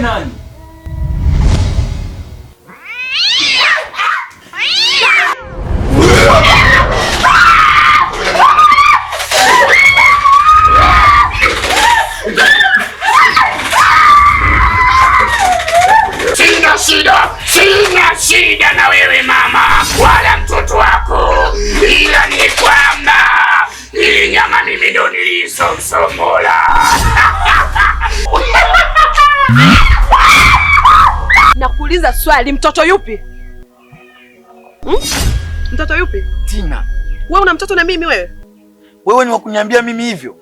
nani? Sina shida, na wewe mama wala mtoto wako, ila ni kwamba ili nyama mimi ndo kuuliza swali, mtoto yupi? Hmm? Mtoto yupi? Tina. Wewe una mtoto na mimi wewe? Wewe ni wakuniambia mimi hivyo?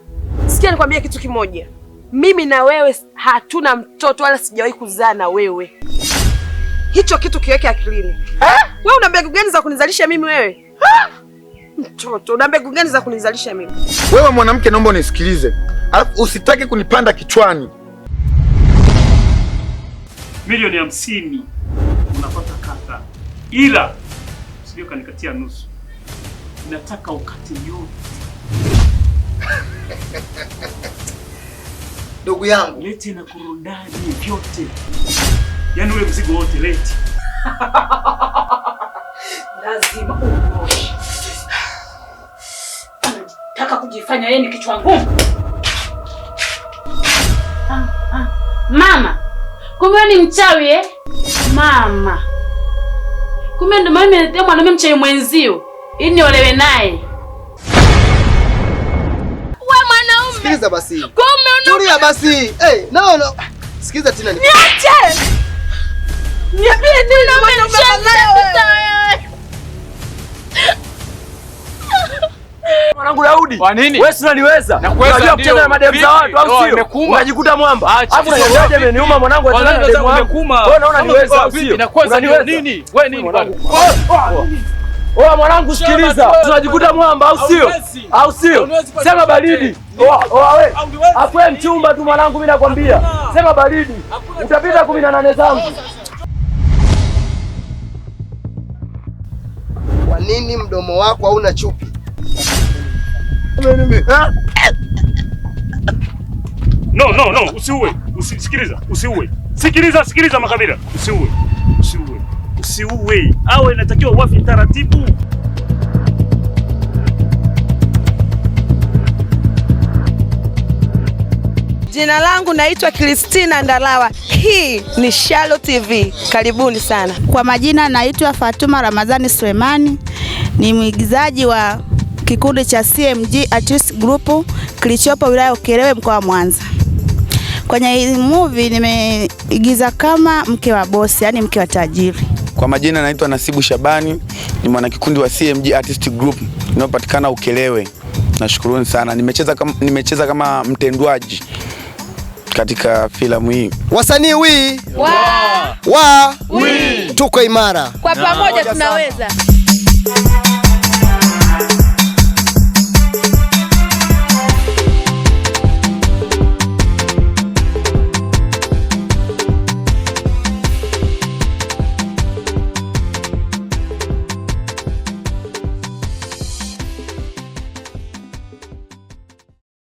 Sikia nikwambie kitu kimoja. Mimi na wewe hatuna mtoto wala sijawahi kuzaa na wewe. Hicho kitu kiweke akilini. Eh? Wewe una mbegu gani za kunizalisha mimi wewe? Ha? Mtoto, una mbegu gani za kunizalisha mimi? Wewe mwanamke, naomba unisikilize. Alafu usitaki kunipanda kichwani milioni hamsini unapata kata, ila sio kanikatia nusu, nataka ukate yote. Ndugu yangu lete na kurudani vyote, yaani ule mzigo wote lete. Lazima uoshe. Anataka kujifanya yeye ni kichwa ngumu. Ah, ah. Mama Kumbe ni mchawi eh? Mama, kumbe ndio mimi nimeletea mwanamume mchawi mwenzio ili niolewe naye. Wewe mwanaume, sikiliza basi. Kumbe unaona basi. Hey, no no. Sikiliza tena. ni. Niache. Niambie nini na mwanaume kurudi. Kwa nini? Wewe Unajua na mademu za watu au sio? Unajikuta mwamba. Alafu ameniuma mwanangu na wangu. Wewe unaona niweza au sio? Inakuwa nini? Wewe nini Oa mwanangu sikiliza. Tunajikuta mwamba au sio? Au sio? Sema baridi. Oa oa wewe. mchumba tu mwanangu mimi nakwambia. Sema baridi. Utapita 18 zangu. Kwa nini mdomo wako hauna chupi? mimi. Ah! No, no, no, usiue. Usisikiliza, usiue. Sikiliza, sikiliza makabila. Usiue. Usiue. Usiue. Awe inatakiwa wafi taratibu. Jina langu naitwa Kristina Ndalawa. Hii ni Shalo TV. Karibuni sana. Kwa majina naitwa Fatuma Ramadhani Sulemani. Ni mwigizaji wa kikundi cha CMG Artist Group kilichopo wilaya Ukerewe mkoa wa Mwanza. Kwenye hii movie nimeigiza kama mke wa bosi, yani mke wa tajiri. Kwa majina naitwa Nasibu Shabani, ni mwanakikundi wa CMG Artist Group inayopatikana Ukerewe. Nashukuruni sana. Nimecheza kama, nimecheza kama mtendwaji katika filamu hii. Wasanii wi wa, wa. tuko imara kwa pamoja, tunaweza.